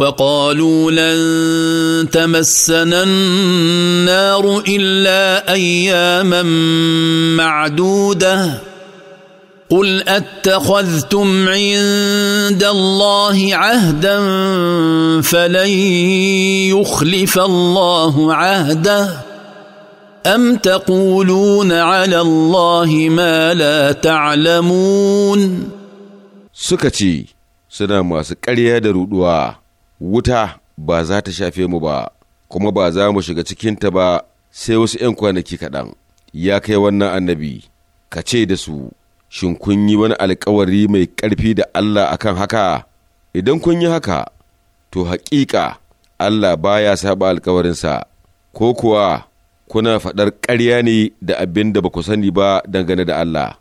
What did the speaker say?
وقالوا لن تمسنا النار الا اياما معدوده قل اتخذتم عند الله عهدا فلن يخلف الله عهده ام تقولون على الله ما لا تعلمون سكتي سلام واسك ƙarya da wuta ba za ta shafe mu ba kuma ba za mu shiga cikinta ba sai wasu ‘yan kwanaki kaɗan ya kai wannan annabi ka ce da su shin kun yi wani alkawari mai ƙarfi da Allah akan haka idan kun yi haka to haƙiƙa Allah ba baya saba alkawarinsa ko kuwa kuna faɗar ƙarya ne da abin da ba ku sani ba dangane da Allah.